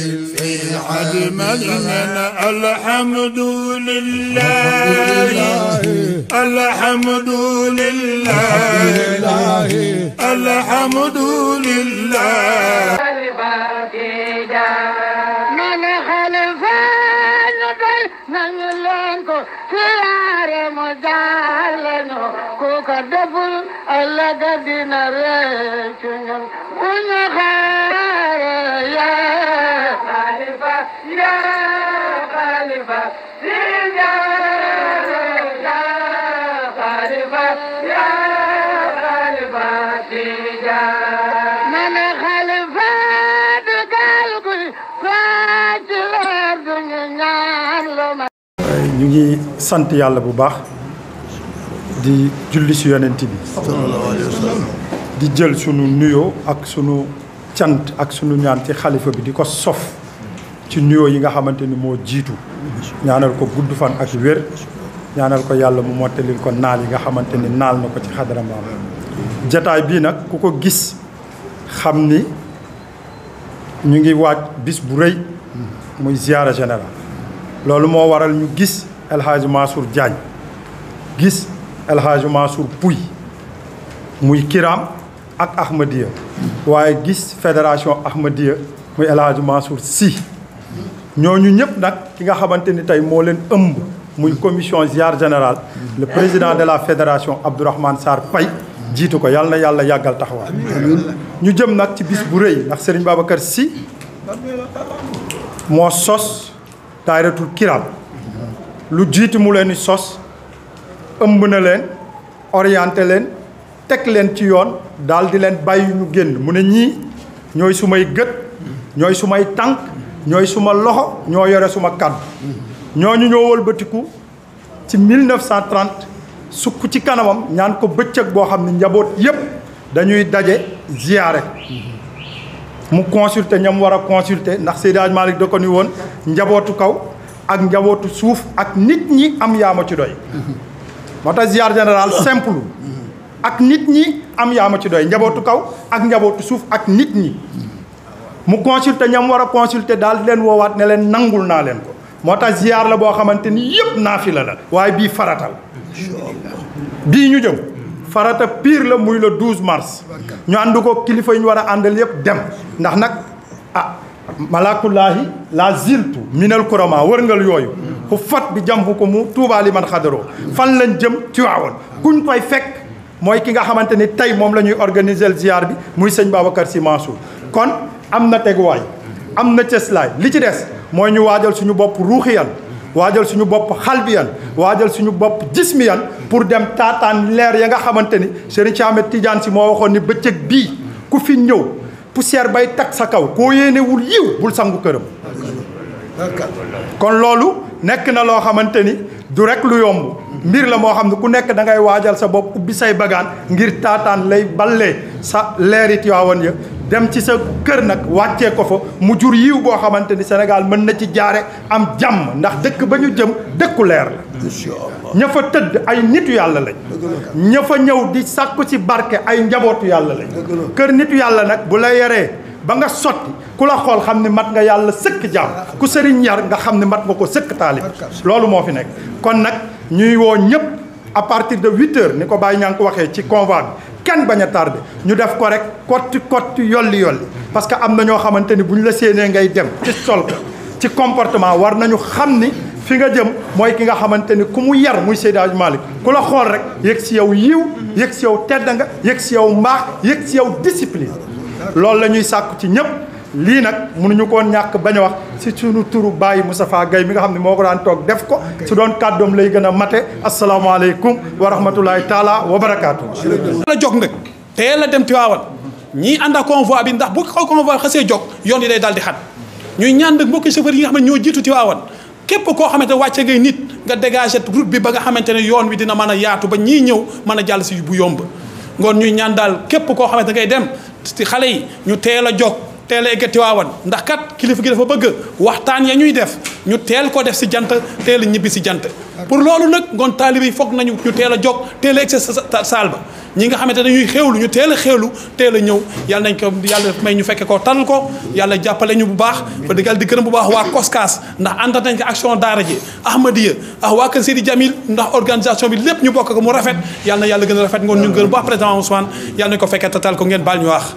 في عدم المنى الحمد لله الحمد لله الحمد لله من خلف نبل من لينكو سيار مجالنو كوكا دبل ألا قدنا ريشن ونخار يا ñu ngi sant yàlla bu baax di julli si yonent bi di jël sunu nuyoo ak sunu cant ak sunu ñaan ci xalifa bi di ko sof ci nuyoo yi nga xamante ni moo jiitu ñaanal ko gudd fan ak wér ñaanal ko yàlla mu mottalil ko naal yi nga xamante ni naal na ko ci xadara maam jataay bii nag ku ko gis xam ni ñu ngi waaj bis bu rëy muy ziara général loolu moo waral ñu gis El Hadj Mansour gis El Hadj muy Kiram ak Ahmadiyya waaye gis fédération Ahmadiyya muy El Hadj Mansour ñooñu ñëpp nag ki nga xamante ni tey moo leen ëmb muy commission ziar générale président de la fédération Abdourahmane saar Pay jiitu ko yàlla na yàlla yàggal taxawaay ñu jëm nag ci bis bu rëy ndax Serigne Babacar si moo sos daayiratul kiram lu jiitu mu leen sos ëmb na leen orienté leen teg leen ci yoon daal di leen bàyyi ñu génn mu ne ñii ñooy su may gët ñooy sumay tànk ñooy suma loxo ñoo yore suma ñoo ñu ñoo wëlbatiku ci 1930 sukk ci kanamam ñaan ko bëccëg boo xam ne njaboot yépp dañuy daje ziyaare mu consulter ñam war a consulter ndax Seydi Hadj Malick da ko ni woon njabootu kaw ak njabootu suuf ak nit ñi am yaama ci doy moo tax général simple nit ñi am yaama ci doy njabootu kaw ak njabootu suuf ak nit ñi mu consulter ñam war a consulter daal di leen woowaat ne leen nangul naa leen ko moo tax ziyaar la boo xamante ni yëpp naafila la waaye bii faratal bii ñu jëm farata piir la muy la 12 mars ñu ànd ko kilifa yi ñu war a àndal yëpp dem ndax nag ah malakullahi la ziltu minal kurama wërngal yooyu ku fat bi jam ko mu tuubaali man xadaroo fan lañ jëm ci waawoon kuñ koy fekk mooy ki nga xamante ni tey moom la ñuy organiser ziar bi muy sëñ Babacar Sy Mansour kon am na teguwaay am na cëslaay li ci des mooy ñu waajal suñu bopp ruuxi yan waajal suñu bopp xalbi waajal suñu bopp jismi yan pour dem taataan leer ya nga xamante ni Serigne Cheikh Ahmed Tidiane si moo waxoon ni bëccëg bii ku fi ñëw poussière bay tag sa kaw koo yéenewul yiw bul sangu këram kon loolu nekk na loo xamante ni du rek lu yomb mbir la moo xam ne ku nekk da ngay waajal sa bopp ubbi say bagaan ngir taataan lay ballee sa leerit yaawoon ya dem ci sa kër nag wàccee ko fa mu jur yiw boo xamante ni Sénégal mën na ci jaare am jàmm ndax dëkk ba ñu jëm dëkku leer la ña fa tëdd ay nitu yàlla lañ ña fa ñëw di sàkku ci barke ay njabootu yàlla lañ kër nitu yàlla nag bu la yaree ba nga sotti ku la xool xam ne mat nga yàlla sëkk jàmm ku sëriñ yar nga xam ne mat nga ko sëkk taalib loolu moo fi nekk kon nag ñuy woo ñëpp à partir de huit heures ni ko bàyyi ñaa ngi ko waxee ci convoi kenn bañ a tardé ñu def ko rek kotti kotti yolli yolli parce que am na ñoo xamante ni bu ñu la séenee ngay dem ci sol ci comportement war nañu xam ni fi nga jëm mooy ki nga xamante ni ku mu yar muy Seydi Hadji Malick ku la xool rek yëg si yow yiw yëg si yow tedd nga yëg si yow mbaax yëg si yow discipline loolu la ñuy sàkku ci ñëpp lii nag mënuñu koo ñàkk bañ a wax si suñu turu bàyyi Moustapha Gaye mi nga xam ne moo ko daan toog def ko su doon kàddoom lay gën a mate asalaamaaleykum wa rahmatulahi taala wa barakaatu la jog nag teel a dem Tiwaawan ñii ànd ak convoi bi ndax bu ko convoi xasee jog yoon yi day daal di xat ñuy ñaan nag mbokki chauffeur yi nga xam ne ñoo jiitu Tiwaawan képp koo xamante wàcce ngay nit nga dégagé route bi ba nga xamante ne yoon wi dina mën a yaatu ba ñii ñëw mën a jàll si bu yomb ngoon ñuy ñaan daal képp koo xamante ngay dem ci xale yi ñu teel a jog teel a egg Tiwaawan ndax kat kilifa gi dafa bëgg waxtaan ya ñuy def ñu teel ko def si jant teel a ñibbi si jant. pour loolu nag ngoon taalibe yi foog nañu ñu teel a jóg teel a egg sa saal ba ñi nga xamante dañuy xewlu ñu teel a xéewlu a ñëw yàlla nañ ko yàlla may ñu fekkee ko tal ko yàlla jàppale ñu bu baax fa dëggal di gërëm bu baax waa koskaas ndax ànd nañ ko action daara ji ahmadiya ah waa kër Seydi Jamil ndax organisation bi lépp ñu bokk ko mu rafet yàlla na yàlla gën a rafet ngoon ñu gërëm bu baax président Ousmane yàlla nañ ko fekkee tatal ko ngeen baal ñu wax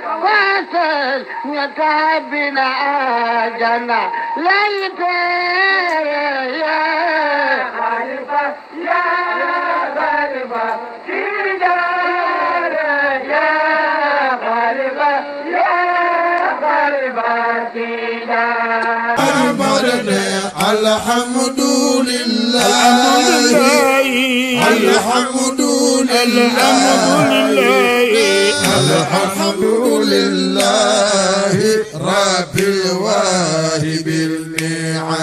واصل يا تعبنا آجنا ليت يا خليفة يا خليفة يا الحمد لله الحمد لله الحمد لله الحمد لله رب الواهب النعم